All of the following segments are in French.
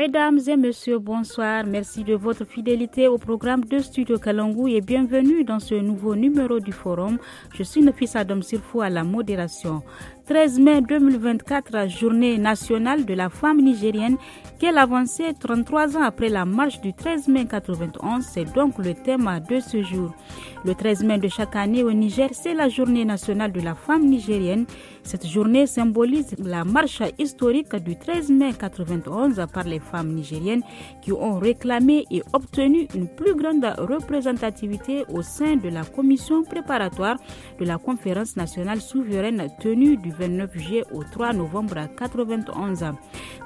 Mesdames et messieurs, bonsoir. Merci de votre fidélité au programme de Studio Kalangou et bienvenue dans ce nouveau numéro du forum. Je suis Nafis Adam Sirfou à la modération. 13 mai 2024, journée nationale de la femme nigérienne, quelle avancée 33 ans après la marche du 13 mai 91, c'est donc le thème de ce jour. Le 13 mai de chaque année au Niger, c'est la journée nationale de la femme nigérienne cette journée symbolise la marche historique du 13 mai 91 par les femmes nigériennes qui ont réclamé et obtenu une plus grande représentativité au sein de la commission préparatoire de la conférence nationale souveraine tenue du 29 juillet au 3 novembre 91.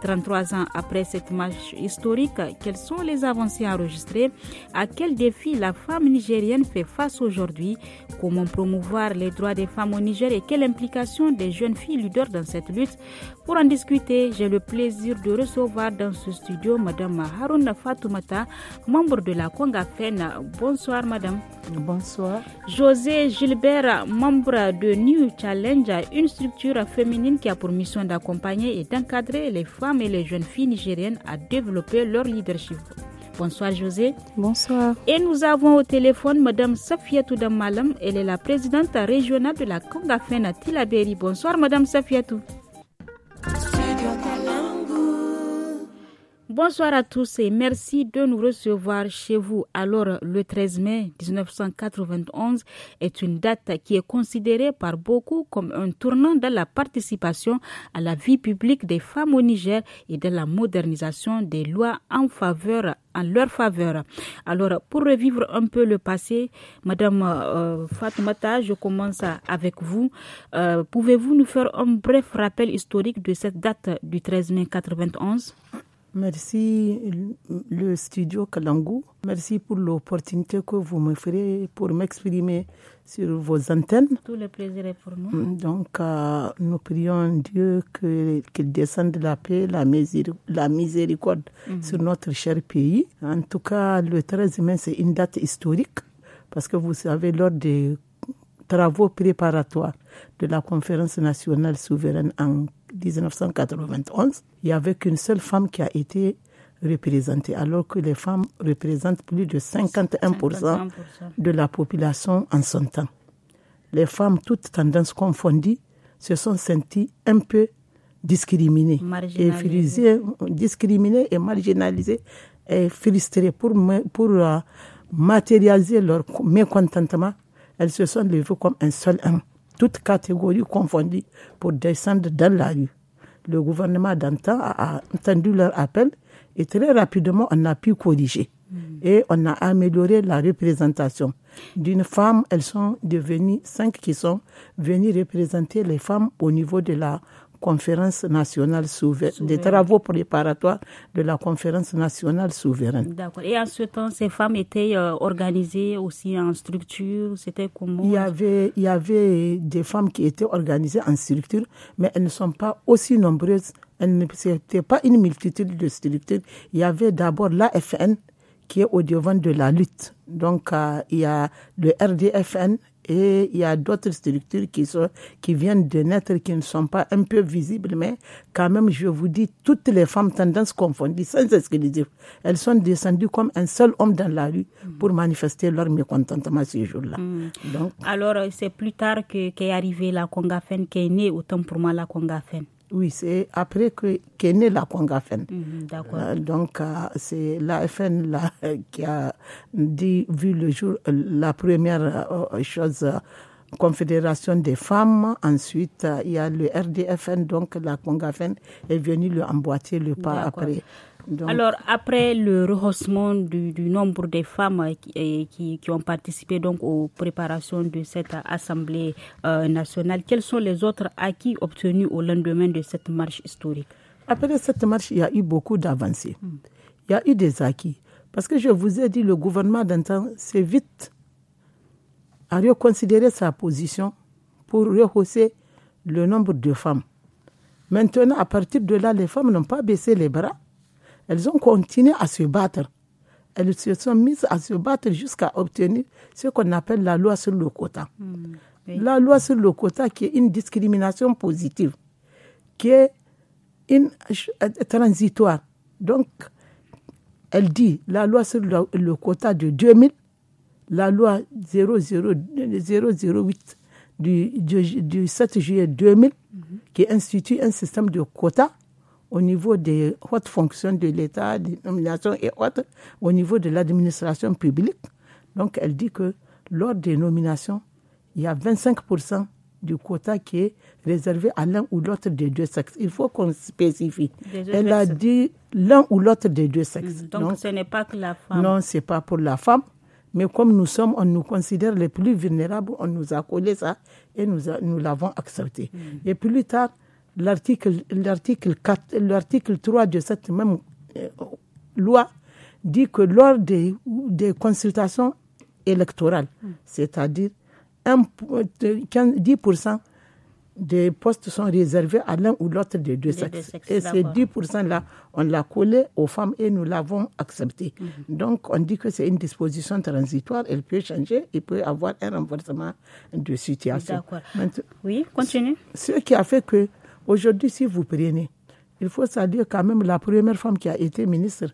33 ans après cette marche historique, quelles sont les avancées enregistrées À quel défi la femme nigérienne fait face aujourd'hui Comment promouvoir les droits des femmes au Niger et quelle implication des jeunes filles leaders dans cette lutte. Pour en discuter, j'ai le plaisir de recevoir dans ce studio Madame Harouna Fatoumata, membre de la Congafena. Bonsoir Madame. Bonsoir. José Gilbert, membre de New Challenge, une structure féminine qui a pour mission d'accompagner et d'encadrer les femmes et les jeunes filles nigériennes à développer leur leadership. Bonsoir José. Bonsoir. Et nous avons au téléphone Madame Safiatou Damalam. Elle est la présidente régionale de la Congafen à Bonsoir Madame Safiatou. Bonsoir à tous et merci de nous recevoir chez vous. Alors, le 13 mai 1991 est une date qui est considérée par beaucoup comme un tournant dans la participation à la vie publique des femmes au Niger et dans la modernisation des lois en faveur en leur faveur. Alors, pour revivre un peu le passé, Madame euh, Fatmata, je commence avec vous. Euh, pouvez-vous nous faire un bref rappel historique de cette date du 13 mai 91 Merci le studio Kalangu. Merci pour l'opportunité que vous me ferez pour m'exprimer sur vos antennes. Tout le plaisir est pour nous. Donc, euh, nous prions Dieu qu'il descende la paix, la, miséricorde, la miséricorde mhm. sur notre cher pays. En tout cas, le 13 mai, c'est une date historique parce que vous savez, lors des travaux préparatoires de la conférence nationale souveraine en 1991, il n'y avait qu'une seule femme qui a été représentée, alors que les femmes représentent plus de 51%, de la population en son temps. Les femmes, toutes tendances confondues, se sont senties un peu discriminées, et discriminées et marginalisées et frustrées pour, pour euh, matérialiser leur mécontentement. Elles se sont levées comme un seul homme toutes catégories confondues, pour descendre dans la rue. Le gouvernement d'antan a entendu leur appel et très rapidement, on a pu corriger. Mm. Et on a amélioré la représentation. D'une femme, elles sont devenues cinq qui sont venues représenter les femmes au niveau de la conférence nationale souveraine, des travaux préparatoires de la conférence nationale souveraine. D'accord. Et en ce temps, ces femmes étaient euh, organisées aussi en structure, c'était comment il y, avait, il y avait des femmes qui étaient organisées en structure, mais elles ne sont pas aussi nombreuses. Ce n'était pas une multitude de structures. Il y avait d'abord l'AFN qui est au devant de la lutte. Donc, euh, il y a le RDFN et il y a d'autres structures qui, sont, qui viennent de naître, qui ne sont pas un peu visibles, mais quand même, je vous dis, toutes les femmes, tendances confondues, sans exclusif, elles sont descendues comme un seul homme dans la rue pour manifester leur mécontentement ce jour-là. Mm. Donc, Alors, c'est plus tard qu'est arrivée la Congafen, qu'est née autant pour moi la Congafène oui, c'est après que qu'est née la Congafen. Mhm, euh, donc euh, c'est la FN qui a dit vu le jour euh, la première chose Confédération des femmes. Ensuite, il y a le RDFN, donc la Congafen est venue le emboîter le pas après. Alors, après le rehaussement du, nombre des femmes euh, euh, qui, ont participé donc aux préparations de cette Assemblée euh, nationale, quels sont les autres acquis obtenus au lendemain de cette marche historique Après cette marche, il y a eu beaucoup d'avancées. Hmm. Il y a eu des acquis. Parce que je vous ai dit, le gouvernement d'antan s'est vite à reconsidérer sa position pour rehausser le nombre de femmes. Maintenant, à partir de là, les femmes n'ont pas baissé les bras. Elles ont continué à se battre. Elles se sont mises à se battre jusqu'à obtenir ce qu'on appelle la loi sur le quota. Hmm, la loi sur le quota qui est une discrimination positive, qui est euh, transitoire. Donc, elle dit la loi sur le, quota de 2000, la loi 008 du, 7 juillet 2000, mhm. qui institue un système de quotas au niveau des hautes fonctions de l'État, des nominations et autres, au niveau de l'administration publique. Donc, elle dit que lors des nominations, il y a 25% du quota qui est réservé à l'un ou l'autre des deux sexes. Il faut qu'on spécifie. Elle a dit l'un ou l'autre des deux sexes. Mm. Donc, ce n'est pas que la femme. Non, ce n'est pas pour la femme. Mais comme nous sommes, on nous considère les plus vulnérables, on nous a collé ça et nous, nous l'avons accepté. Mm. Et plus tard, l'article 3 de cette même euh, loi dit que lors des, des consultations électorales, c'est-à-dire 10% des postes sont réservés à l'un ou l'autre des deux sexes. et ces 10%-là, on l'a collé aux femmes et nous l'avons accepté. Mhm. Donc, on dit que c'est une disposition transitoire, elle peut changer, il peut y avoir un renversement de situation. Oui, continue. Ce qui a fait que Aujourd'hui, si vous prenez, il faut saluer quand même la première femme qui a été ministre,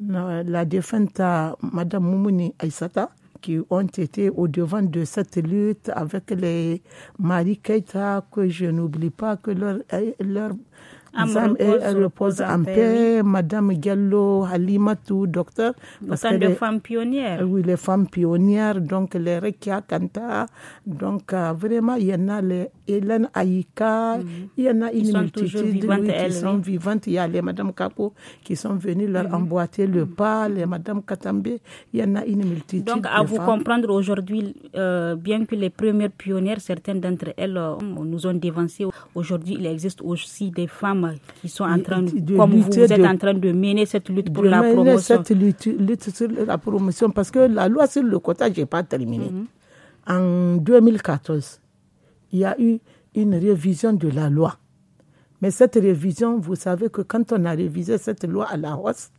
la défunte euh, Madame Moumouni Aïsata, qui ont été au devant de cette lutte avec les Marie Keita, que je n'oublie pas que leur, euh, leur repose en paix. Madame Gallo, tout docteur. Parce que les, femmes pionnières. Ah oui, les femmes pionnières, donc les Rekia Kanta. Donc euh, vraiment, il y en a les Hélène Aïka, mm-hmm. il y en a une multitude qui sont vivantes. Il y a les Madame Capo qui sont venues leur mm-hmm. emboîter le mm-hmm. pas, les Madame Katambe, il y en a une multitude. Donc à vous comprendre aujourd'hui, euh, bien que les premières pionnières, certaines d'entre elles euh, nous ont dévancées. aujourd'hui il existe aussi des femmes qui sont en train de, comme vous, êtes en train de mener cette lutte pour de la mener promotion. Cette lutte, sur la promotion parce que la loi sur le quota, n'est pas terminé. Mhm. En 2014, il y a eu une révision de la loi. Mais cette révision, vous savez que quand on a révisé cette loi à la hausse,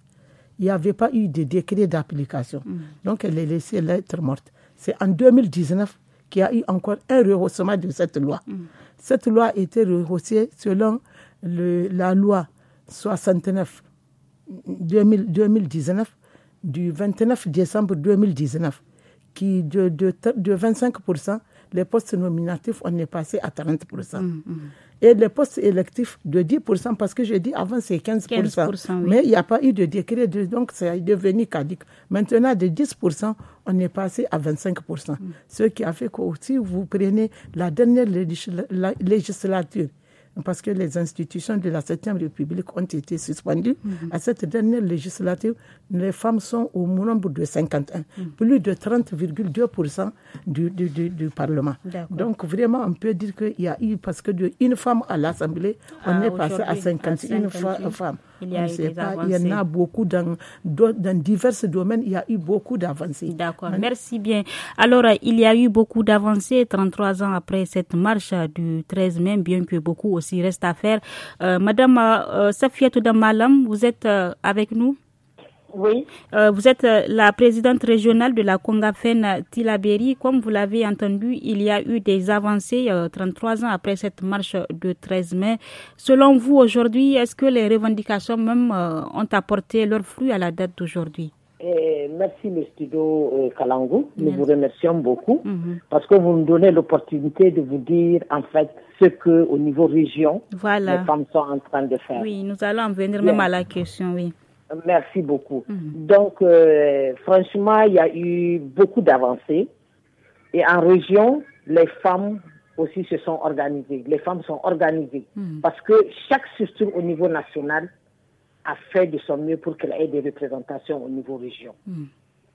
il n'y avait pas eu de décret d'application. Mhm. Donc elle est laissée être morte. C'est en 2019 qu'il y a eu encore un rehaussement de cette loi. Mhm. Cette loi a été rehaussée selon la loi 69 2019 du 29 décembre 2019 qui de, de, 25%, les postes nominatifs, on est passé à 30%. Mm, mm. Et les postes électifs de 10%, parce que j'ai dit avant c'est 15%. Mais il n'y a pas eu de décret, donc c'est devenu cadique. Maintenant, de 10%, on est passé à 25%. Mm. Ce qui a fait que si vous prenez la dernière législature, parce que les institutions de la 7e République ont été suspendues. Mhm. À cette dernière législature, les femmes sont au nombre de 51, mhm. plus de 30,2% du, du, du, Parlement. Donc vraiment, on peut dire qu'il y a eu, parce que une femme à l'Assemblée, ah, on est passé à 51 femmes. Il y a, eu des pas, il y en a beaucoup dans, dans divers domaines. Il y a eu beaucoup d'avancées. D'accord, merci bien. Alors, il y a eu beaucoup d'avancées 33 ans après cette marche du 13 mai, bien que beaucoup aussi reste à faire. Euh, madame euh, Damalam, vous êtes euh, avec nous oui. Euh, vous êtes euh, la présidente régionale de la Congafen Tilaberi. Comme vous l'avez entendu, il y a eu des avancées 33 euh, ans après cette marche de 13 mai. Selon vous, aujourd'hui, est-ce que les revendications même ont apporté leurs fruits à la date d'aujourd'hui? Eh, merci le studio Kalangu. Nous vous remercions beaucoup mhm. parce que vous nous donnez l'opportunité de vous dire en fait ce que au niveau région voilà. les femmes sont en train de faire. Oui, nous allons en venir même à la question, oui. Merci beaucoup. Mhm. Donc, euh, franchement, il y a eu beaucoup d'avancées. Et en région, les femmes aussi se sont organisées. Les femmes sont organisées. Mhm. Parce que chaque structure au niveau national a fait de son mieux pour qu'elle ait des représentations au niveau région. Mhm.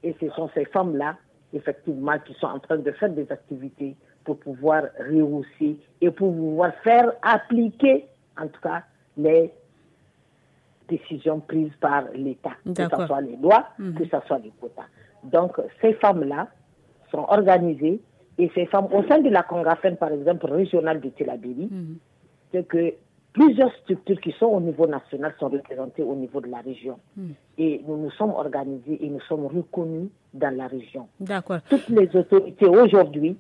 Et ce sont ces femmes-là, effectivement, qui sont en train de faire des activités pour pouvoir réussir et pour pouvoir faire appliquer, en tout cas, les décisions prises par l'État, que ce soit les lois, mhm. que ce soit les quotas. Donc, ces femmes-là sont organisées et ces femmes, au sein de la Congrafen, par exemple, régionale de Tel mhm. c'est que plusieurs structures qui sont au niveau national sont représentées au niveau de la région. Mhm. Et nous nous sommes organisés et nous sommes reconnus dans la région. D'accord. Toutes les autorités aujourd'hui,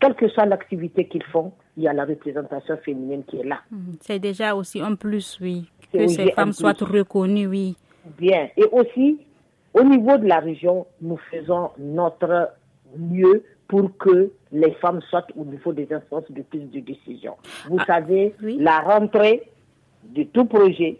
quelle que soit l'activité qu'ils font, il y a la représentation féminine qui est là. C'est déjà aussi un plus, oui que ces femmes soient reconnues, oui. Bien. Et aussi, au niveau de la région, nous faisons notre mieux pour que les femmes soient au niveau des instances de prise de décision. Vous ah, savez, la rentrée de tout projet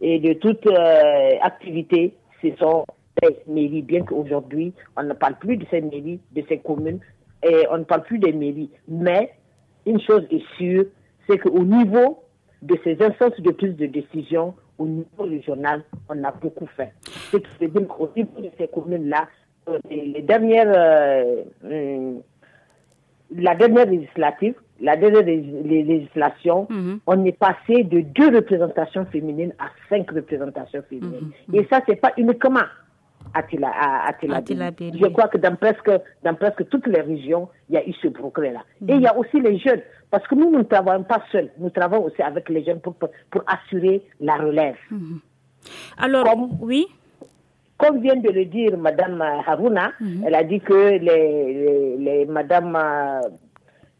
et de toute euh, activité, ce sont des mairies, bien qu'aujourd'hui, on ne parle plus de ces mairies, de ces communes, et on ne parle plus des mairies. Mais une chose est sûre, c'est qu'au niveau de ces instances de prise de décision au niveau régional, on a beaucoup fait. Ce qui veut dire qu'au niveau de ces communes-là, euh, les dernières, euh, hum, la dernière législative, la dernière législation, mhm. on est passé de deux représentations féminines à cinq représentations féminines. Mhm. Et ça, ce n'est pas uniquement à, Je crois que dans presque, dans presque toutes les régions, il y a eu ce progrès-là. Et mhm. il y a aussi les jeunes, parce que nous, nous ne travaillons pas seuls, nous travaillons aussi avec les jeunes pour, pour assurer la relève. Mhm. Alors, oui comme vient de le dire Madame Haruna, mhm. elle a dit que les, les, les Madame euh,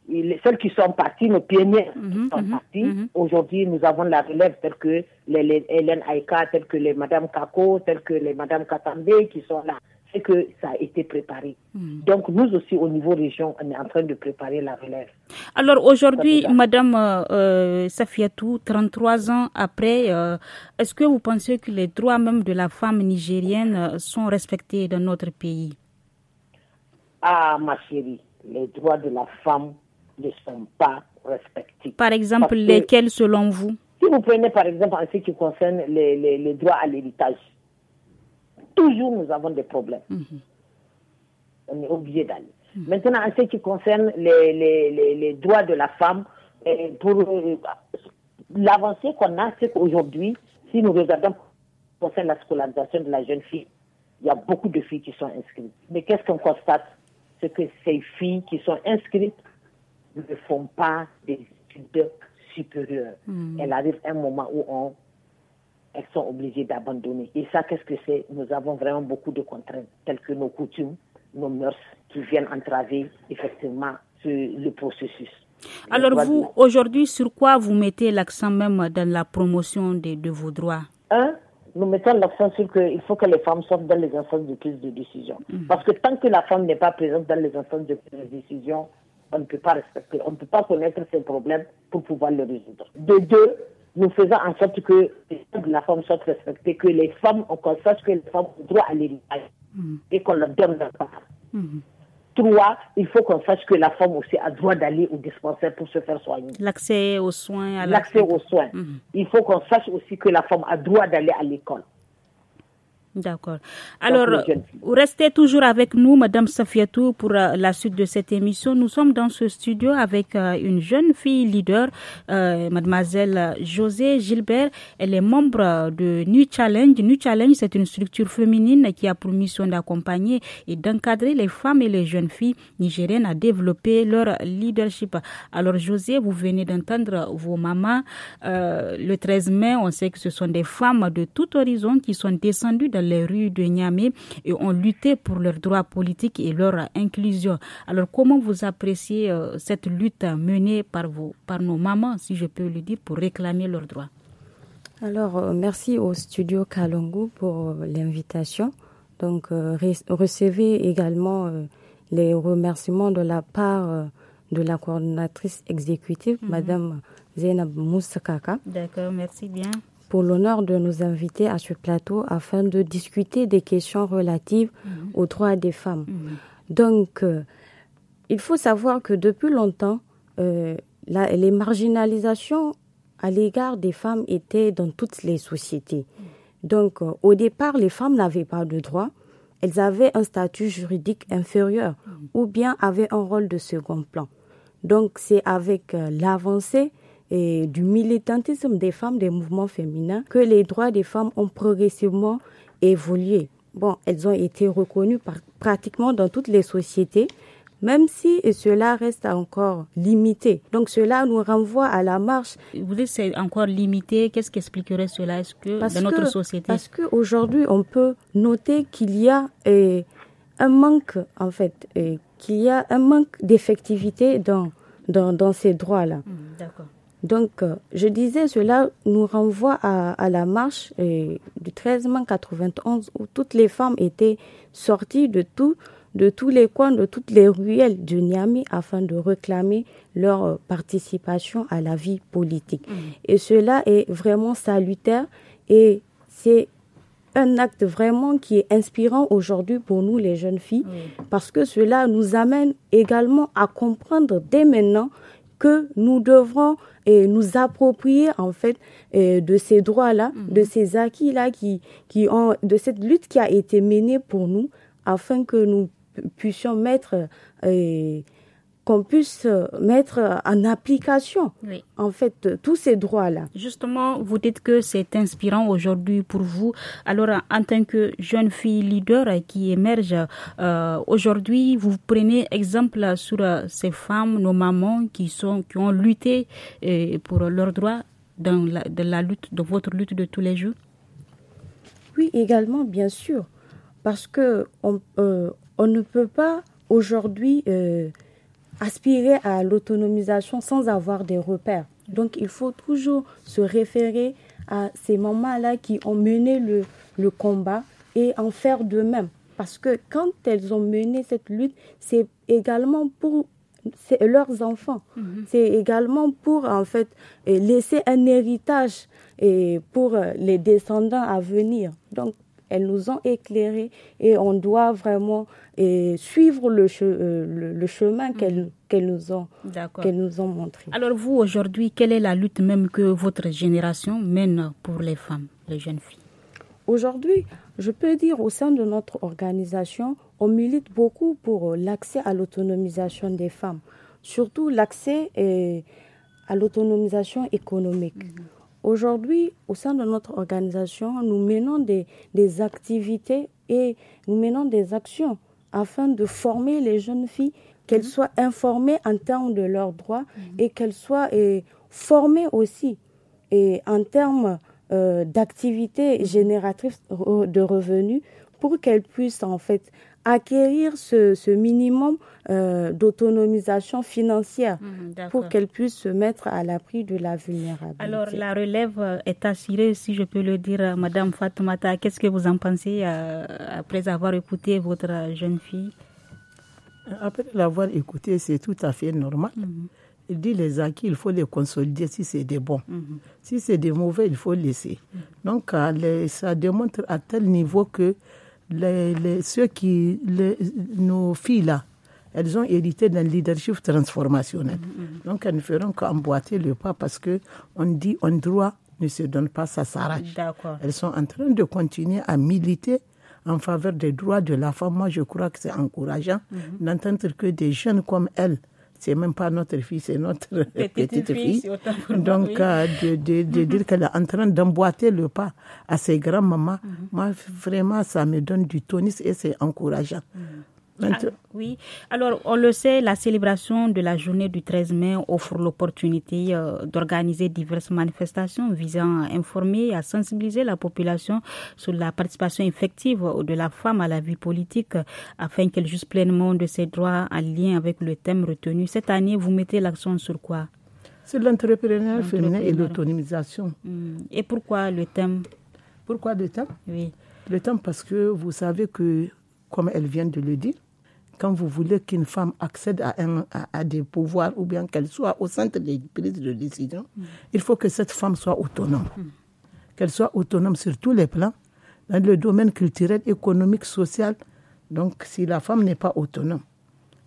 les celles qui sont parties, nos pionniers mhm, qui sont mhm, parties, mhm. aujourd'hui nous avons la relève telle que les, les Hélène Aïka, telle que les Madame Kako, telle que les Madame Katambe qui sont là. C'est que ça a été préparé. Donc nous aussi au niveau région, on est en train de préparer la relève. Alors aujourd'hui, Madame euh, euh Safiatou, 33 ans après, euh, est-ce que vous pensez que les droits même de la femme nigérienne euh, sont respectés dans notre pays Ah ma chérie, les droits de la femme ne sont pas respectés. Par exemple, lesquels selon vous Si vous prenez par exemple en ce qui concerne les, les, droits à l'héritage, toujours nous avons des problèmes. Mhm. On est obligé d'aller. Maintenant, en ce qui concerne les, les, les droits de la femme, pour euh, l'avancée qu'on a, c'est qu'aujourd'hui, si nous regardons concerne la scolarisation de la jeune fille, il y a beaucoup de filles qui sont inscrites. Mais qu'est-ce qu'on constate C'est que ces filles qui sont inscrites ne font pas des études supérieures. Hmm. Elle arrive un moment où elles sont obligées d'abandonner. Et ça, qu'est-ce que c'est Nous avons vraiment beaucoup de contraintes, telles que nos coutumes, nos mœurs, qui viennent entraver effectivement le processus. Alors vous, aujourd'hui, sur quoi vous mettez l'accent même dans la promotion de, vos droits hein? nous mettons l'accent sur qu'il faut que les femmes soient dans les instances de prise de décision. Hmm. Parce que tant que la femme n'est pas présente dans les instances de prise de décision, on ne peut pas respecter, on ne peut pas connaître ces problèmes pour pouvoir le résoudre. De deux, nous faisons en sorte que la femme soit respectée, que les femmes, qu'on sache que les femmes ont droit à l'héritage mm-hmm. et qu'on leur donne leur part. Mm-hmm. Trois, il faut qu'on sache que la femme aussi a droit d'aller au dispensaire pour se faire soigner. L'accès aux soins. L'accès aux soins. Mm-hmm. Il faut qu'on sache aussi que la femme a droit d'aller à l'école. D'accord. Alors, restez toujours avec nous, Madame Safiatou, pour euh, la suite de cette émission. Nous sommes dans ce studio avec euh, une jeune fille leader, euh, Mademoiselle José Gilbert. Elle est membre de New Challenge. New Challenge, c'est une structure féminine qui a pour mission d'accompagner et d'encadrer les femmes et les jeunes filles nigériennes à développer leur leadership. Alors, José, vous venez d'entendre vos mamans. le 13 mai, on sait que ce sont des femmes de tout horizon qui sont descendues dans les rues de Niamey et ont lutté pour leurs droits politiques et leur inclusion. Alors comment vous appréciez euh, cette lutte menée par, vos, par nos mamans, si je peux le dire, pour réclamer leurs droits Alors euh, merci au studio Kalongo pour euh, l'invitation. Donc recevez également les remerciements de la part de la coordonnatrice exécutive, mhm. Madame Zainab Moussakaka. D'accord, merci bien pour l'honneur de nous inviter à ce plateau afin de discuter des questions relatives mhm. aux droits des femmes. Mhm. Donc, euh, il faut savoir que depuis longtemps, euh, les marginalisations à l'égard des femmes étaient dans toutes les sociétés. Mhm. Donc, euh, au départ, les femmes n'avaient pas de droits. Elles avaient un statut juridique inférieur ou bien avaient un rôle de second plan. Donc, c'est avec l'avancée et du militantisme des femmes des mouvements féminins que les droits des femmes ont progressivement évolué. Bon, elles ont été reconnues pratiquement dans toutes les sociétés, même si cela reste encore limité. Donc cela nous renvoie à la marche. Vous dites c'est encore limité. Qu'est-ce qui expliquerait cela Est-ce que dans notre société Parce qu'aujourd'hui, on peut noter qu'il y a eh, un manque, en fait, eh, qu'il y a un manque d'effectivité dans, dans, ces droits-là. Mmh, d'accord. Donc, euh, je disais, cela nous renvoie à, la marche euh, du 13 mai 91 où toutes les femmes étaient sorties de de tous les coins, de toutes les ruelles du Niamey afin de réclamer leur euh, participation à la vie politique. Mmh. Et cela est vraiment salutaire et c'est un acte vraiment qui est inspirant aujourd'hui pour nous les jeunes filles, parce que cela nous amène également à comprendre dès maintenant que nous devrons nous approprier en fait euh, de ces droits-là, mhm. de ces acquis-là, qui, qui ont, de cette lutte qui a été menée pour nous, afin que nous puissions mettre euh, qu'on puisse euh, mettre en application, en fait, tous ces droits-là. Justement, vous dites que c'est inspirant aujourd'hui pour vous. Alors, en tant que jeune fille leader qui émerge euh, aujourd'hui, vous prenez exemple sur euh, ces femmes, nos mamans qui sont qui ont lutté pour leurs droits dans lutte, de votre lutte de tous les jours. Oui, également, bien sûr, parce que on, ne peut pas aujourd'hui aspirer à l'autonomisation sans avoir des repères. Donc il faut toujours se référer à ces mamans-là qui ont mené le, combat et en faire de même. Parce que quand elles ont mené cette lutte, c'est également pour leurs enfants. Mhm. C'est également pour, en fait, laisser un héritage et pour euh, les descendants à venir. Donc, elles nous ont éclairés et on doit vraiment suivre le, euh, chemin mhm. qu'elles nous, ont, montré. Alors vous, aujourd'hui, quelle est la lutte même que votre génération mène pour les femmes, les jeunes filles Aujourd'hui, je peux dire au sein de notre organisation, on milite beaucoup pour euh, l'accès à l'autonomisation des femmes, surtout l'accès à l'autonomisation économique. Mhm. Aujourd'hui, au sein de notre organisation, nous menons des, activités et nous menons des actions afin de former les jeunes filles, qu'elles mhm. soient informées en termes de leurs droits mhm. et qu'elles soient formées aussi en termes euh, d'activités mhm. génératrices de revenus pour qu'elles puissent en fait acquérir ce, minimum euh, d'autonomisation financière mhm, pour qu'elle puisse se mettre à l'abri de la vulnérabilité. Alors la relève euh, est assurée, si je peux le dire, euh, Madame Fatoumata. Qu'est-ce que vous en pensez après avoir écouté votre jeune fille Après l'avoir écoutée, c'est tout à fait normal. Il mhm. dit les acquis, il faut les consolider si c'est des bons. Mhm. Si c'est des mauvais, il faut laisser. Donc, ça démontre à tel niveau que les, ceux qui, nos filles-là, elles ont hérité d'un leadership transformationnel. Mm, mm. Donc, elles ne feront qu'emboîter le pas parce qu'on dit on droit ne se donne pas, ça s'arrache. Elles sont en train de continuer à militer en faveur des droits de la femme. Moi, je crois que c'est encourageant mm-hmm. d'entendre que des jeunes comme elles, c'est même pas notre fille, c'est notre petite, fille. Donc, euh, de, dire qu'elle est en train d'emboîter le pas à ses grands-mamans, mhm. moi, vraiment, ça me donne du tonus et c'est encourageant. Mhm. Ah, oui, alors on le sait, la célébration de la journée du 13 mai offre l'opportunité euh, d'organiser diverses manifestations visant à informer et à sensibiliser la population sur la participation effective de la femme à la vie politique euh, afin qu'elle juge pleinement de ses droits en lien avec le thème retenu. Cette année, vous mettez l'accent sur quoi Sur l'entrepreneuriat féminin et l'autonomisation. Hmm. Et pourquoi le thème Pourquoi le thème Oui. Le thème parce que vous savez que, comme elle vient de le dire, quand vous voulez qu'une femme accède à, des pouvoirs ou bien qu'elle soit au centre des prises de décision, mm. il faut que cette femme soit autonome. Mm. Qu'elle soit autonome sur tous les plans, dans le domaine culturel, économique, social. Donc, si la femme n'est pas autonome,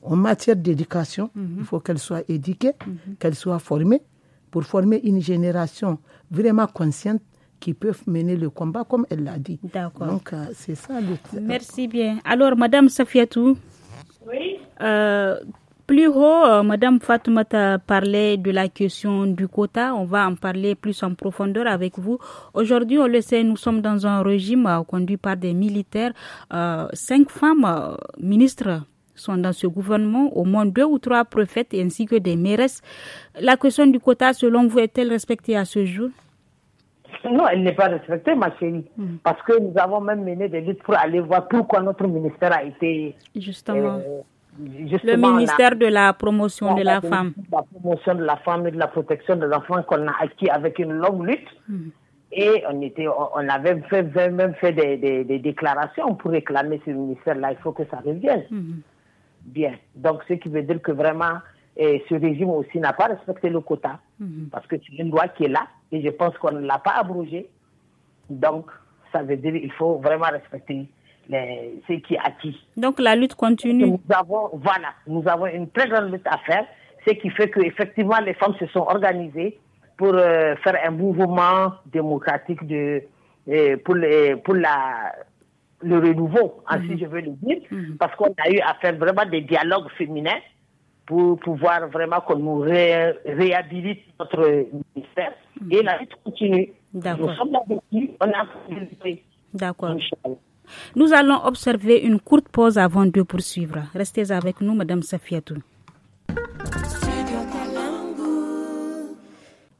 en matière d'éducation, mm-hmm. il faut qu'elle soit éduquée, mm-hmm. qu'elle soit formée, pour former une génération vraiment consciente qui peut mener le combat, comme elle l'a dit. D'accord. Donc, euh, c'est ça le... Merci bien. Alors, Madame Safiatou, oui. Euh, plus haut, euh, Madame Fatoumata parlait de la question du quota. On va en parler plus en profondeur avec vous. Aujourd'hui, on le sait, nous sommes dans un régime euh, conduit par des militaires. cinq femmes ministres sont dans ce gouvernement, au moins deux ou trois prophètes ainsi que des maires. La question du quota, selon vous, est-elle respectée à ce jour? Non, elle n'est pas respectée, ma chérie. Hmm. Parce que nous avons même mené des luttes pour aller voir pourquoi notre ministère a été. Justement. Euh, le ministère de la promotion de la femme. La promotion de la femme et de la protection des enfants qu'on a acquis avec une longue lutte. Hmm. Et on, était, on avait fait, même fait des, des, déclarations pour réclamer ce ministère-là. Il faut que ça revienne. Hmm. Bien. Donc, ce qui veut dire que vraiment, et ce régime aussi n'a pas respecté le quota, mhm. parce que c'est une loi qui est là, et je pense qu'on ne l'a pas abrogée. Donc, ça veut dire qu'il faut vraiment respecter ce qui est acquis. Donc, la lutte continue. nous avons, voilà, nous avons une très grande lutte à faire, ce qui fait qu'effectivement, les femmes se sont organisées pour euh, faire un mouvement démocratique de, euh, pour, pour la le renouveau, ainsi mhm. je veux le dire, mhm. parce qu'on a eu à faire vraiment des dialogues féminins pour pouvoir vraiment qu'on nous réhabilite notre ministère. Mm. Et la lutte continue. Nous sommes là depuis, on a D'accord. Nous allons observer une courte pause avant de poursuivre. Restez avec nous, Madame Safiatou.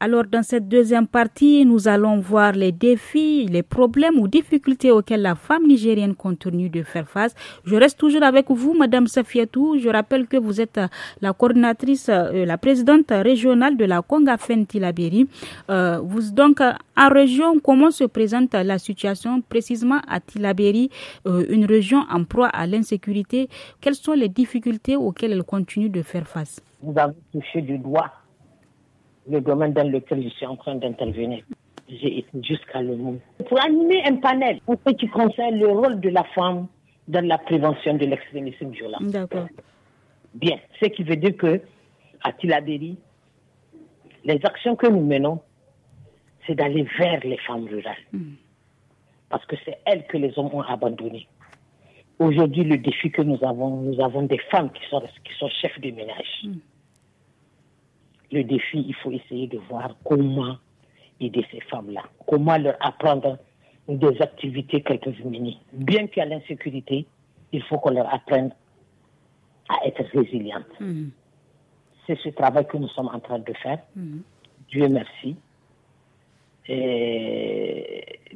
Alors dans cette deuxième partie, nous allons voir les défis, les problèmes ou difficultés auxquels la femme nigérienne continue de faire face. Je reste toujours avec vous, Madame Safiatou. Je rappelle que vous êtes euh, la coordinatrice, euh, la présidente régionale de la Congafen Tilaberi. Euh, vous donc euh, en région, comment se présente la situation précisément à Tilaberi, une région en proie à l'insécurité Quelles sont les difficultés auxquelles elle continue de faire face Vous avez touché du doigt le domaine dans lequel je suis en train d'intervenir. J'ai été jusqu'à le monde. Pour animer un panel pour ce qui concerne le rôle de la femme dans la prévention de l'extrémisme violent. D'accord. Bien, ce qui veut dire que, à Tilaberi, les actions que nous menons, c'est d'aller vers les femmes rurales. Hmm. Parce que c'est elles que les hommes ont abandonnées. Aujourd'hui, le défi que nous avons, nous avons des femmes qui sont, qui sont chefs de ménage. Hmm. Le défi, il faut essayer de voir comment aider ces femmes-là, comment leur apprendre des activités quelques minutes. Bien qu'il y ait l'insécurité, il faut qu'on leur apprenne à être résilientes. Hmm. C'est ce travail que nous sommes en train de faire. Hmm. Dieu merci.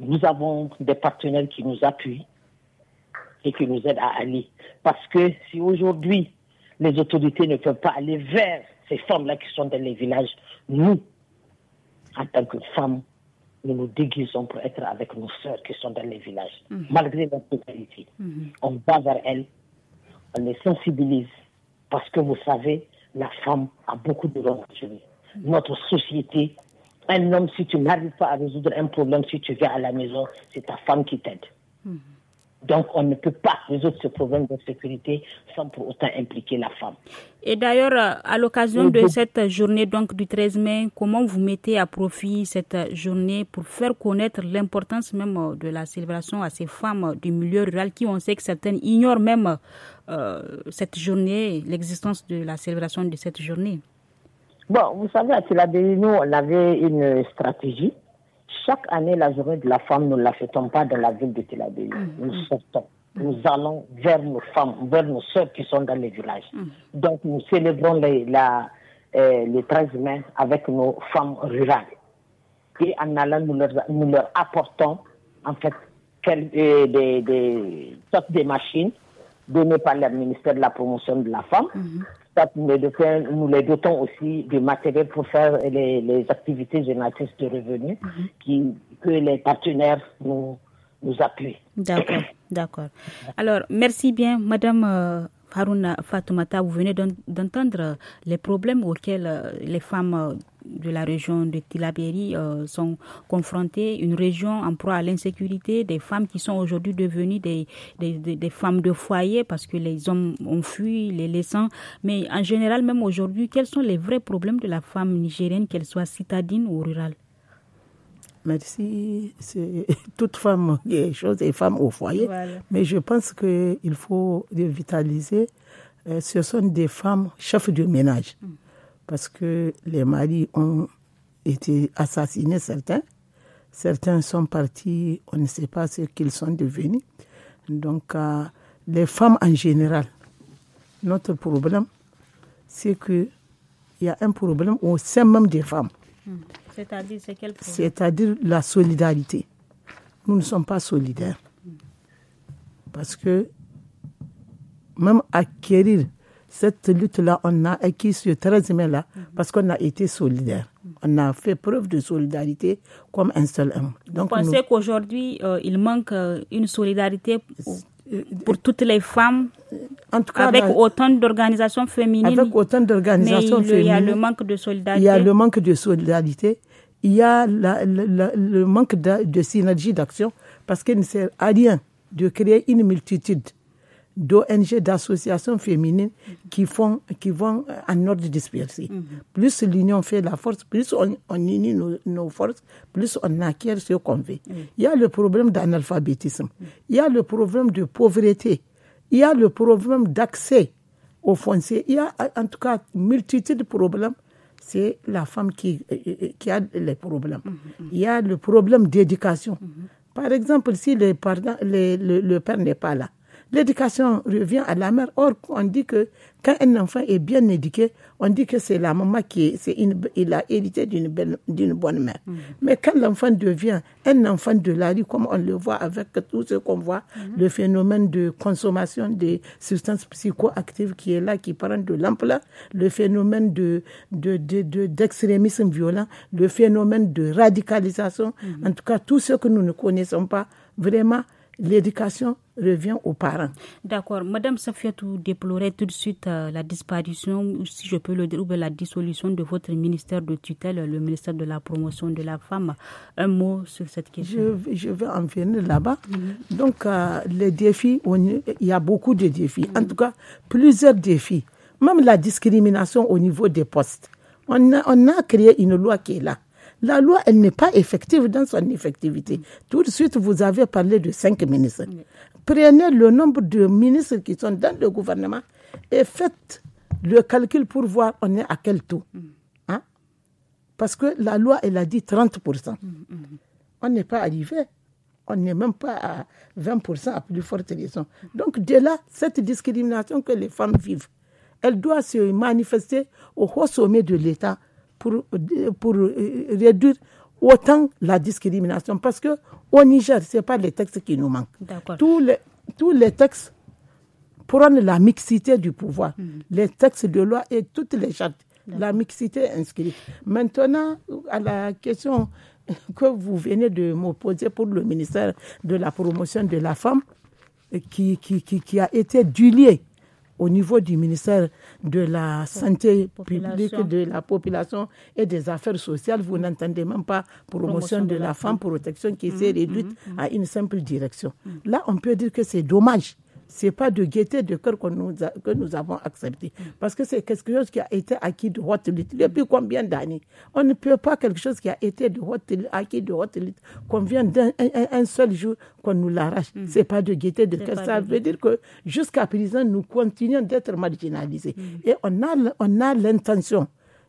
nous avons des partenaires qui nous appuient et qui nous aident à aller. Parce que si aujourd'hui les autorités ne peuvent pas aller vers ces femmes-là qui sont dans les villages, nous, en tant que femmes, nous nous déguisons pour être avec nos sœurs qui sont dans les villages, mhm. malgré notre totalité. Mhm. On bat vers elles, on les sensibilise, parce que vous savez, la femme a beaucoup de rangs à jouer. Mhm. Notre société, un homme, si tu n'arrives pas à résoudre un problème, si tu viens à la maison, c'est ta femme qui t'aide. Donc on ne peut pas résoudre ce problème de sécurité sans pour autant impliquer la femme. Et d'ailleurs, à l'occasion de cette journée donc du 13 mai, comment vous mettez à profit cette journée pour faire connaître l'importance même euh, de la célébration à ces femmes du milieu rural qui on sait que certaines ignorent même euh, cette journée, l'existence de la célébration de cette journée Bon, vous savez, à Tilabé, nous, on avait une stratégie chaque année, la journée de la femme, nous ne la fêtons pas dans la ville de Tel mm-hmm. Nous sortons. Nous allons vers nos femmes, vers nos sœurs qui sont dans les villages. Mm-hmm. Donc, nous célébrons les, 13 euh, mai avec nos femmes rurales. Et en allant, nous leur, apportons, en fait, euh, des, des machines données par le ministère de la promotion de la femme mm-hmm nous les dotons aussi du matériel pour faire les, activités activités génératrices de revenus mhm. que les partenaires nous, appuient. D'accord, Alors, merci bien, Madame. Euh... Fatoumata, vous venez d'entendre les problèmes auxquels euh, les femmes euh, de la région de Tilaberi euh, sont confrontées, une région en proie à l'insécurité, des femmes qui sont aujourd'hui devenues des, des, femmes de foyer parce que les hommes ont fui, les laissant. Mais en général, même aujourd'hui, quels sont les vrais problèmes de la femme nigérienne, qu'elle soit citadine ou rurale Merci. Toute femme, quelque chose des femmes au foyer. Mais je pense qu'il faut revitaliser. Euh, ce sont des femmes chefs de ménage. Mm parce que les maris ont été assassinés, certains. Certains sont partis, on ne sait pas ce qu'ils sont devenus. Donc, euh, les femmes en général, notre problème, c'est qu'il y a un problème au sein même des femmes. Hmm. C'est-à-dire, c'est quel problème C'est-à-dire la solidarité. Nous ne sommes pas solidaires. Hmm. Parce que même acquérir cette lutte-là, on a acquis ce 13 mai-là parce qu'on a été solidaire. On a fait preuve de solidarité comme un seul homme. Donc, Vous pensez qu'aujourd'hui, euh, il manque euh, une solidarité euh, pour toutes les femmes en tout cas, avec autant d'organisations féminines. Avec autant d'organisations féminines. Il y a le manque de solidarité. Il y a le manque de solidarité. Il y a le manque de, de synergie d'action parce qu'il ne sert à rien de créer une multitude d'ONG, d'associations féminines qui, font, qui vont euh, en ordre dispersé. Mhm. Plus l'union fait la force, plus on, unit nos, forces, plus on acquiert ce qu'on veut. Il y a le problème d'analphabétisme, il y a le problème de pauvreté, il y a le problème d'accès aux fonciers, il y a en tout cas multitude de problèmes. C'est la femme qui, euh, euh, qui a les problèmes. Mhm, mhm. Il y a le problème d'éducation. Par exemple, si le, père n'est pas là, L'éducation revient à la mère. Or, on dit que quand un enfant est bien éduqué, on dit que c'est la maman qui est, il a hérité d'une bonne mère. Mm. Mais quand l'enfant devient un enfant de la rue, comme on le voit avec tout ce qu'on voit, mm. le phénomène de consommation des substances psychoactives qui est là, qui prend de l'ampleur, le phénomène de d'extrémisme violent, le phénomène de radicalisation, mm. en tout cas tout ce que nous ne connaissons pas, vraiment, l'éducation revient aux parents. D'accord. Madame Safiatou déplorait tout de suite euh, la disparition, si je peux le dire, ou la dissolution de votre ministère de tutelle, le ministère de la promotion de la femme. Un mot sur cette question. Je, vais en venir là-bas. Donc, euh, les défis, il y a beaucoup de défis. En tout cas, plusieurs défis. Même la discrimination au niveau des postes. On a, créé une loi qui est là. La loi, elle n'est pas effective dans son effectivité. Mm. Tout de suite, vous avez parlé de cinq ministres. Prenez le nombre de ministres qui sont dans le gouvernement et faites le calcul pour voir on est à quel taux. Mm. Hein? Parce que la loi, elle a dit 30%. Mm, mm, on n'est pas arrivé. On n'est même pas à 20% à plus forte raison. Donc, de là, cette discrimination que les femmes vivent, elle doit se manifester au haut sommet de l'État pour, pour euh, réduire autant la discrimination. Parce que au Niger, ce n'est pas les textes qui nous manquent. Tous les, tous les textes prennent la mixité du pouvoir. Hmm. Les textes de loi et toutes les chartes. La mixité inscrite. Maintenant, à la question que vous venez de me poser pour le ministère de la promotion de la femme, qui, qui, qui, a été du dulier au niveau du ministère de la Santé publique, de la population et des affaires sociales, vous n'entendez même pas promotion, de, la, femme, protection qui s'est mmh, mmh, réduite mmh. à une simple direction. Là, on peut dire que c'est dommage c'est pas de gaieté de cœur que nous, avons accepté. Parce que c'est quelque chose qui a été acquis de haute lutte depuis combien d'années On ne peut pas quelque chose qui a été de acquis de haute lutte qu'on vient d'un seul jour qu'on nous l'arrache. Mm. C'est pas de gaieté de cœur. Ça veut dire que jusqu'à présent, nous continuons d'être marginalisés. Mm. Et on a, l'intention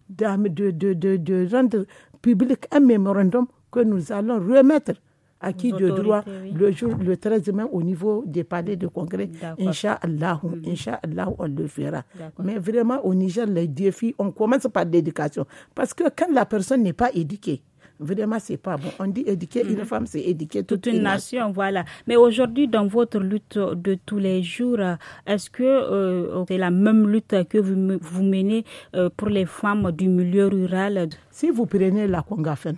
de, de, de, de rendre public un mémorandum que nous allons remettre acquis de droit le jour le 13 mai au niveau des palais de congrès. Mm-hmm. Inch'Allah, on le fera. Mais vraiment, au Niger, les défis, on commence par l'éducation. Parce que quand la personne n'est pas éduquée, Vraiment, c'est pas bon. On dit éduquer une mm-hmm. femme, c'est éduquer toute, une, nation, Voilà. Mais aujourd'hui, dans votre lutte de tous les jours, est-ce que euh, c'est la même lutte que vous, menez euh, pour les femmes du milieu rural Si vous prenez la Congafen,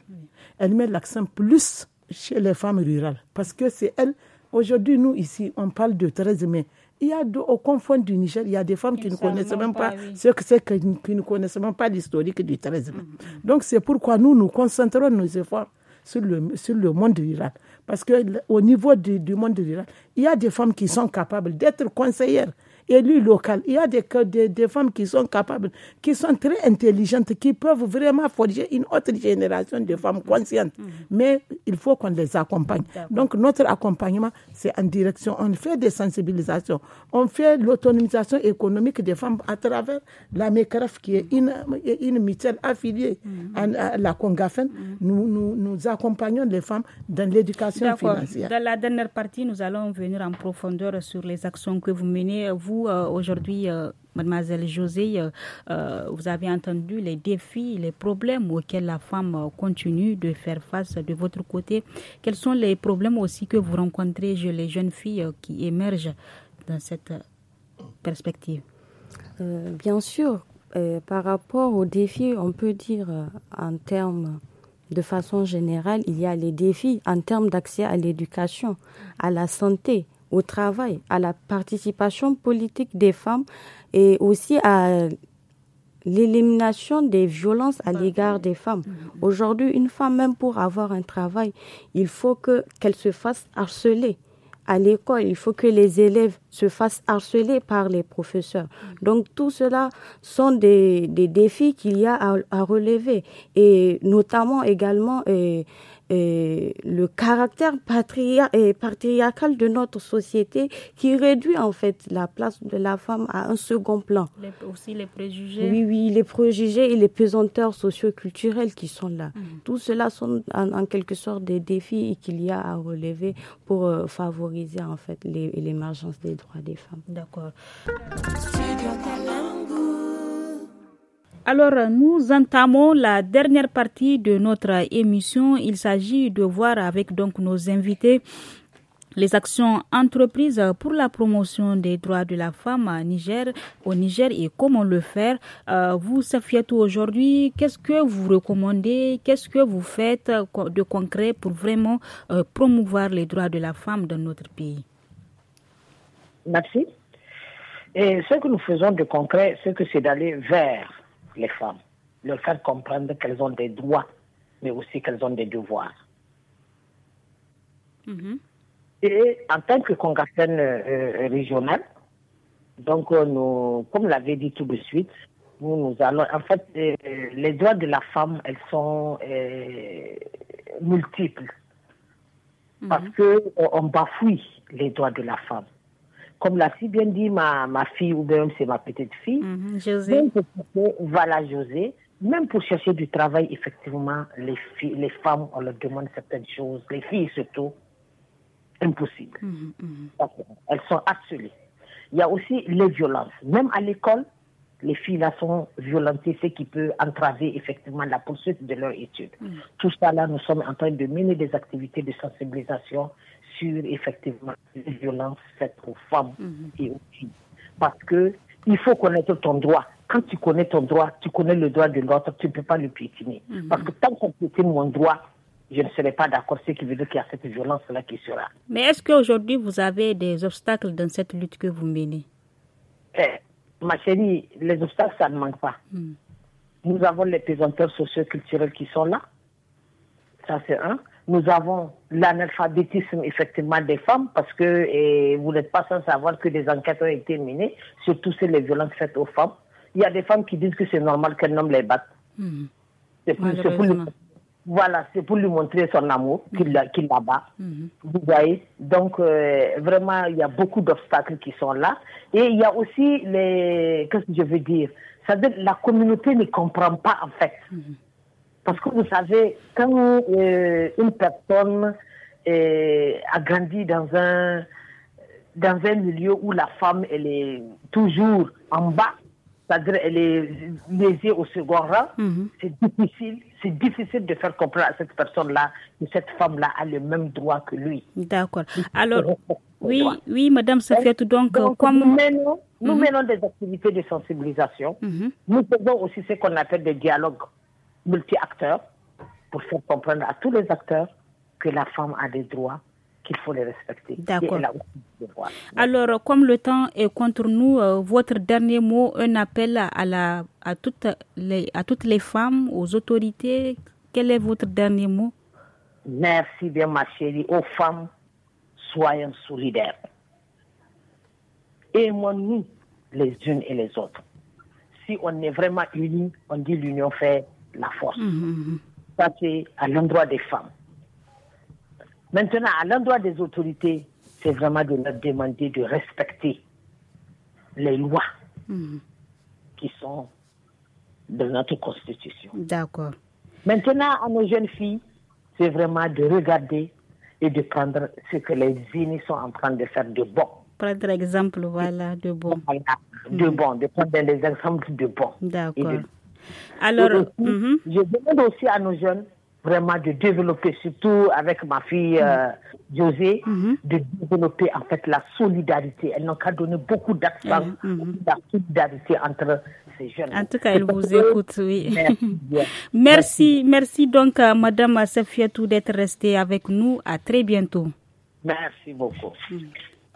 elle met l'accent plus chez les femmes rurales. Parce que c'est elles. Aujourd'hui, nous, ici, on parle de 13 mai. Il y a au confond du Niger, il y a des femmes qui ne connaissent même pas, ce que c'est, qui, ne connaissent même pas l'historique du 13 mai. Donc, c'est pourquoi nous, nous concentrons nos efforts sur le, sur le monde rural. Parce qu'au niveau du, du, monde rural, il y a des femmes qui sont capables d'être conseillères élu local, il y a des, des, femmes qui sont capables, qui sont très intelligentes, qui peuvent vraiment forger une autre génération de femmes conscientes. Mhm. Mais il faut qu'on les accompagne. Donc notre accompagnement, c'est en direction. On fait des sensibilisations. On fait l'autonomisation économique des femmes à travers la MECRAF, qui est mhm. une, une mutuelle affiliée mhm. à, la Congafen. Nous, nous, nous accompagnons les femmes dans l'éducation financière. Dans la dernière partie, nous allons venir en profondeur sur les actions que vous menez, vous euh, aujourd'hui. Euh, Mademoiselle José, euh, vous avez entendu les défis, les problèmes auxquels la femme continue de faire face de votre côté. Quels sont les problèmes aussi que vous rencontrez les jeunes filles qui émergent dans cette perspective Bien sûr, par rapport aux défis, on peut dire en termes de façon générale, il y a les défis en termes d'accès à l'éducation, à la santé, au travail, à la participation politique des femmes et aussi à l'élimination des violences à l'égard des femmes. Mhm. Aujourd'hui, une femme, même pour avoir un travail, il faut que qu'elle se fasse harceler. À l'école, il faut que les élèves se fassent harceler par les professeurs. Mhm. Donc tout cela sont des, des défis qu'il y a à, relever et notamment également... Euh, et le caractère patriarcal de notre société qui réduit en fait la place de la femme à un second plan. Les, aussi les préjugés. Oui, oui, les préjugés et les pesanteurs socioculturels qui sont là. Mm. Tout cela sont en, quelque sorte des défis qu'il y a à relever pour euh, favoriser en fait l'émergence des droits des femmes. D'accord. Alors, nous entamons la dernière partie de notre émission. Il s'agit de voir avec donc nos invités les actions entreprises pour la promotion des droits de la femme à Niger, au Niger et comment le faire. Euh, vous, Safiatou, aujourd'hui, qu'est-ce que vous recommandez Qu'est-ce que vous faites de concret pour vraiment euh, promouvoir les droits de la femme dans notre pays Merci. Et ce que nous faisons de concret, c'est que c'est d'aller vers les femmes, leur faire comprendre qu'elles ont des droits, mais aussi qu'elles ont des devoirs. Mm-hmm. Et en tant que congressienne euh, euh, régionale, donc euh, nous, comme l'avait dit tout de suite, nous, nous allons, en fait, les droits de la femme, elles sont multiples. Mm-hmm. Parce que on bafouille les droits de la femme comme l'a si bien dit ma, ma fille ou bien c'est ma petite fille, Même pour chercher, même pour chercher du travail, effectivement, les, filles, les femmes, on leur demande certaines choses, les filles surtout, impossible. Mhm, mhm. Elles sont absolues. Il y a aussi les violences. Même à l'école, les filles là sont violentées, ce qui peut entraver effectivement la poursuite de leur étude. Mhm. Tout ça là, nous sommes en train de mener des activités de sensibilisation effectivement les violences faites aux femmes mhm. et aux filles. Parce que il faut connaître ton droit. Quand tu connais ton droit, tu connais le droit de l'autre, tu ne peux pas le piétiner. Mhm. Parce que tant qu'on piétine mon droit, je ne serai pas d'accord, ce qui veut dire qu'il y a cette violence-là qui sera. Mais est-ce qu'aujourd'hui, vous avez des obstacles dans cette lutte que vous menez eh, Ma chérie, les obstacles, ça ne manque pas. Mhm. Nous avons les pesanteurs socio-culturels qui sont là. Ça, c'est un nous avons l'analphabétisme effectivement des femmes parce que vous n'êtes pas sans savoir que les enquêtes ont été menées, surtout sur les violences faites aux femmes. Il y a des femmes qui disent que c'est normal qu'un homme les batte. Hmm. C'est pour, lui, voilà, c'est pour lui montrer son amour hmm. qu'il la bat. Hmm. Vous voyez Donc euh, vraiment, il y a beaucoup d'obstacles qui sont là. Et il y a aussi les... Qu'est-ce que je veux dire C'est-à-dire la communauté ne comprend pas en fait. Parce que vous savez, quand euh, une personne euh, a grandi dans un, dans un milieu où la femme, elle est toujours en bas, c'est-à-dire elle est lésée au second rang, mhm. c'est difficile, c'est difficile de faire comprendre à cette personne-là que cette femme-là a le même droit que lui. D'accord. Alors, oui, oui, Madame Safiatou, donc, donc comme... nous, menons, mhm. des activités de sensibilisation. Mhm. Nous faisons aussi ce qu'on appelle des dialogues multi-acteurs pour faire comprendre à tous les acteurs que la femme a des droits qu'il faut les respecter. D'accord. Alors, euh, comme le temps est contre nous, euh, votre dernier mot, un appel à, la, à, toutes les, à toutes les femmes, aux autorités, quel est votre dernier mot Merci bien, ma chérie. Aux femmes, soyons solidaires. Aimons-nous les unes et les autres. Si on est vraiment unis, on dit l'union fait la force. Mm-hmm, mm-hmm. Ça, c'est à l'endroit des femmes. Maintenant, à l'endroit des autorités, c'est vraiment de leur demander de respecter les lois mm-hmm. qui sont dans notre constitution. D'accord. Maintenant, à nos jeunes filles, c'est vraiment de regarder et de prendre ce que les unis sont en train de faire de bon. Prendre exemple, voilà, de bon. de bon, de prendre des exemples de bon. D'accord. Alors, mm-hmm. je demande aussi à nos jeunes vraiment de développer, surtout avec ma fille euh, mm-hmm. Josée, José, mm-hmm. de développer en fait la solidarité. Elle n'a qu'à donner beaucoup d'accent à la solidarité entre ces jeunes. en tout cas, elle vous écoute, oui. Merci, merci, donc à euh, Madame tout d'être restée avec nous. À très bientôt. Merci beaucoup. Mm.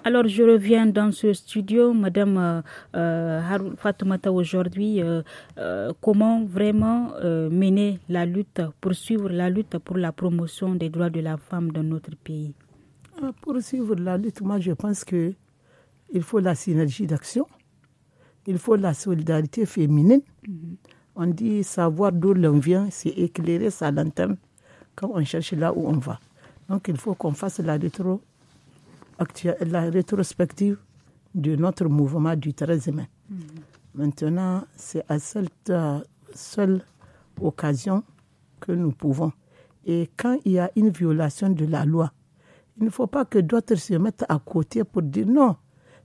Alors, je reviens dans ce studio, Madame euh, euh, Fatoumata, aujourd'hui. Euh, comment vraiment mener la lutte, poursuivre la lutte pour la promotion des droits de la femme dans notre pays ah, Poursuivre la lutte, moi, je pense que il faut la synergie d'action, il faut la solidarité féminine. Mhm. On dit savoir d'où l'on vient, c'est éclairer sa lanterne quand on cherche là où on va. Donc, il faut qu'on fasse la lutte la rétrospective de notre mouvement du 13 mai. Mm. Maintenant, c'est à cette euh, seule occasion que nous pouvons. Et quand il y a une violation de la loi, il ne faut pas que d'autres se mettent à côté pour dire non.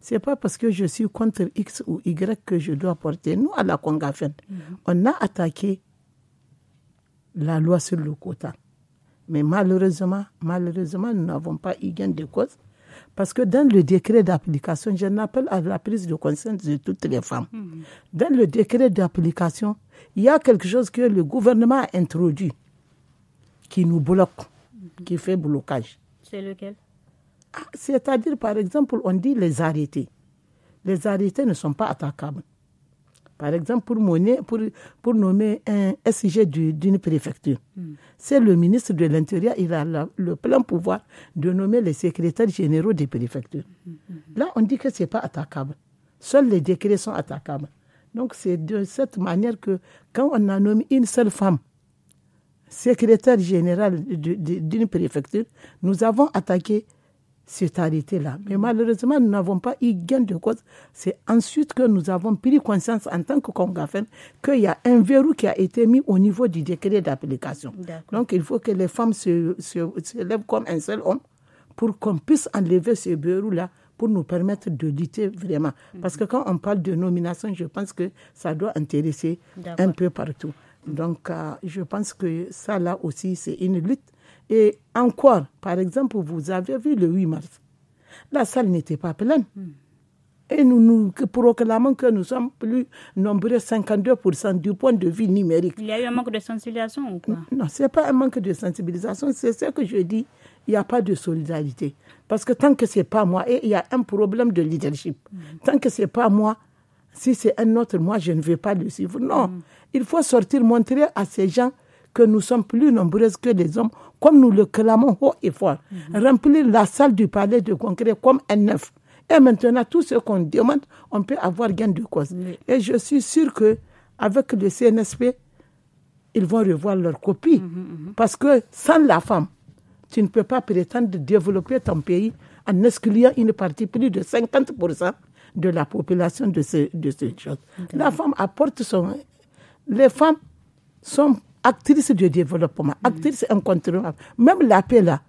C'est pas parce que je suis contre X ou Y que je dois porter. Nous, à la Congafen, mm-hmm. on a attaqué la loi sur le quota. Mais malheureusement, malheureusement, nous n'avons pas eu gain de cause parce que dans le décret d'application, je n'appelle à la prise de conscience de toutes les femmes. Hmm. Dans le décret d'application, il y a quelque chose que le gouvernement a introduit qui nous bloque, hmm. qui fait blocage. C'est lequel ah, C'est-à-dire, par exemple, on dit les arrêtés. Les arrêtés ne sont pas attaquables. Par exemple, pour, nommer un SG d'une préfecture, c'est le ministre de l'Intérieur, il a le plein pouvoir de nommer les secrétaires généraux des préfectures. Là, on dit que ce n'est pas attaquable. Seuls les décrets sont attaquables. Donc, c'est de cette manière que quand on a nommé une seule femme secrétaire générale d'une préfecture, nous avons attaqué cette arrêté-là. Mais malheureusement, nous n'avons pas eu gain de cause. C'est ensuite que nous avons pris conscience en tant que Congafène qu'il y a un verrou qui a été mis au niveau du décret d'application. Donc il faut que les femmes se, se, lèvent comme un seul homme pour qu'on puisse enlever ce verrou-là pour nous permettre de lutter vraiment. Parce que mhm. quand on parle de nomination, je pense que ça doit intéresser un peu partout. Donc, euh, je pense que ça, là aussi, c'est une lutte et encore, par exemple, vous avez vu le 8 mars, la salle n'était pas pleine. Hmm. Et nous nous proclamons que nous sommes plus nombreux, 52% du point de vue numérique. Il y a eu un manque de sensibilisation ou quoi Non, ce n'est pas un manque de sensibilisation, c'est ce que je dis, il n'y a pas de solidarité. Parce que tant que ce n'est pas moi, et il y a un problème de leadership, hmm. tant que ce n'est pas moi, si c'est un autre, moi, je ne vais pas le suivre. Non, hmm. il faut sortir, montrer à ces gens que nous sommes plus nombreuses que les hommes, comme nous le clamons haut et fort. Mhm. Remplir la salle du palais de congrès comme un neuf. Et maintenant, tout ce qu'on demande, on peut avoir gain de cause. Et je suis sûr que avec le CNSP, ils vont revoir leur copie. Mhm, mhm. Parce que sans la femme, tu ne peux pas prétendre développer ton pays en excluant une partie plus de 50% de la population de, de ces choses. La femme apporte son... Les femmes sont actrice du développement, mm. actrice incontournable. Même la paix, là,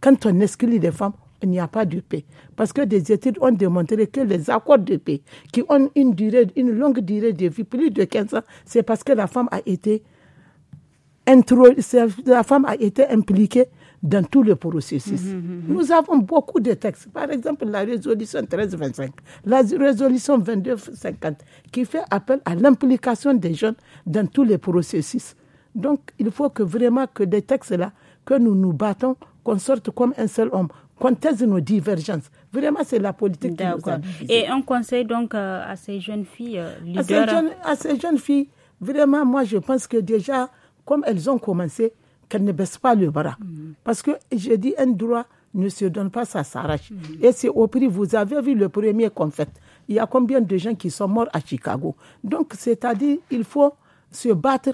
quand on exclut les femmes, il n'y a pas de paix. Parce que des études ont démontré que les accords de paix, qui ont une, durée, une longue durée de vie, plus de 15 ans, c'est parce que la femme a été la femme a été impliquée dans tout les processus. Mm-hmm, mm-hmm, mm-hmm. Nous avons beaucoup de textes, par exemple la résolution 1325, la résolution 2250, qui fait appel à l'implication des jeunes dans tous les processus. Donc, il faut que vraiment que des textes-là, que nous nous battons, qu'on sorte comme un seul homme, qu'on taise nos divergences. Vraiment, c'est la politique qui nous a Et on conseille donc euh, à ces jeunes filles euh, leaders... à, ces jeunes, filles, vraiment, moi, je pense que déjà, comme elles ont commencé, qu'elles ne baissent pas le bras. Mhm. Parce que, je dis, un droit ne se donne pas, ça s'arrache. Mhm. Et c'est au prix, vous avez vu le premier conflit. Il y a combien de gens qui sont morts à Chicago. Donc, c'est-à-dire, il faut se battre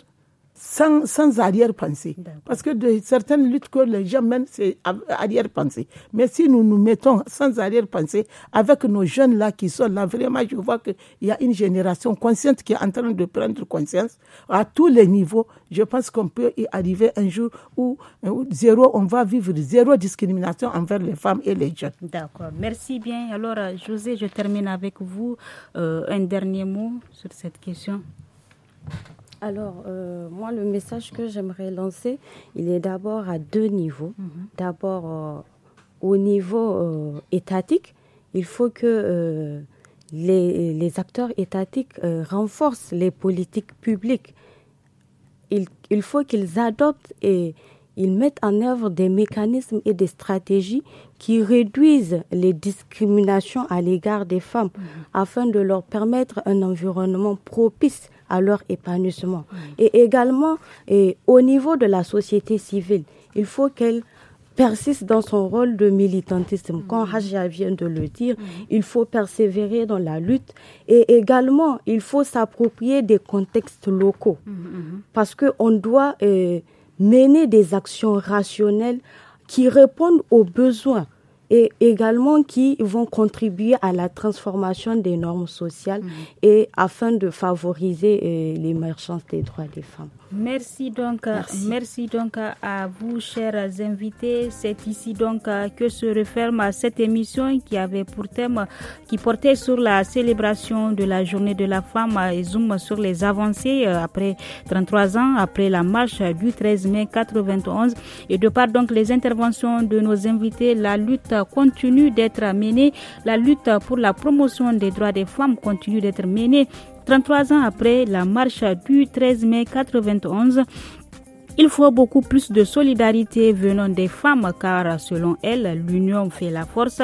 sans, sans arrière-pensée. Parce que de certaines luttes que les gens mènent, c'est arrière-pensée. Mais si nous nous mettons sans arrière-pensée avec nos jeunes-là qui sont là, vraiment, je vois qu'il y a une génération consciente qui est en train de prendre conscience à tous les niveaux. Je pense qu'on peut y arriver un jour où, zéro, on va vivre zéro discrimination envers les femmes et les jeunes. D'accord. Merci bien. Alors, José, je termine avec vous. Euh, un dernier mot sur cette question. Alors, euh, moi, le message que j'aimerais lancer, il est d'abord à deux niveaux. Mhm. D'abord, euh, au niveau euh, étatique, il faut que les, acteurs étatiques renforcent les politiques publiques. il faut qu'ils adoptent et ils mettent en œuvre des mécanismes et des stratégies qui réduisent les discriminations à l'égard des femmes mm-hmm. afin de leur permettre un environnement propice à leur épanouissement. Mm-hmm. Et également, au niveau de la société civile, il faut qu'elle persiste dans son rôle de militantisme. Quand mm-hmm. Hajia vient de le dire, il faut persévérer dans la lutte et également il faut s'approprier des contextes locaux parce parce qu'on doit euh, mener des actions rationnelles qui répondent aux besoins et également qui vont contribuer à la transformation des normes sociales mm. et afin de favoriser euh, l'émergence des droits des femmes. Merci donc, merci. donc à vous, chers invités. C'est ici donc que se referme cette émission qui avait pour thème, qui portait sur la célébration de la journée de la femme et zoom sur les avancées euh, après 33 ans, après la marche du 13 mai 91. Et de par donc les interventions de nos invités, la lutte continue d'être menée. La lutte pour la promotion des droits des femmes continue d'être menée 33 ans après la marche du 13 mai 91, il faut beaucoup plus de solidarité venant des femmes car selon elle, l'union fait la force.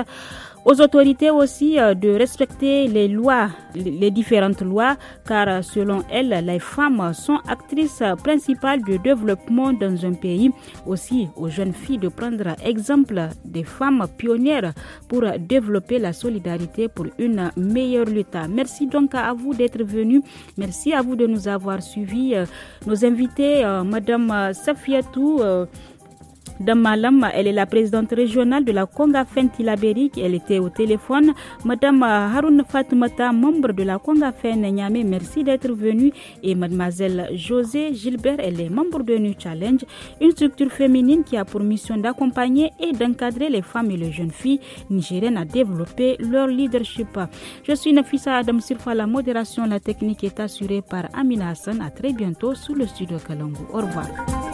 Aux autorités aussi euh, de respecter les lois, les différentes lois, car euh, selon elles, les femmes sont actrices principales du développement dans un pays. Aussi aux jeunes filles de prendre exemple des femmes pionnières pour développer la solidarité pour une meilleure lutte. Merci donc à vous d'être venus. Merci à vous de nous avoir suivis. Euh, nos invités, Madame Safiatou, Madame Malam, elle est la présidente régionale de la Conga Labérique. Elle était au téléphone. Madame Haroun Fatoumata, membre de la Conga Niamey, merci d'être venue. Et Mademoiselle José Gilbert, elle est membre de New Challenge, une structure féminine qui a pour mission d'accompagner et d'encadrer les femmes et les jeunes filles nigériennes à développer leur leadership. Je suis Nafisa Adam Sirfa, la modération, la technique est assurée par Amina Hassan. À très bientôt sous le studio Kalangu. Au revoir.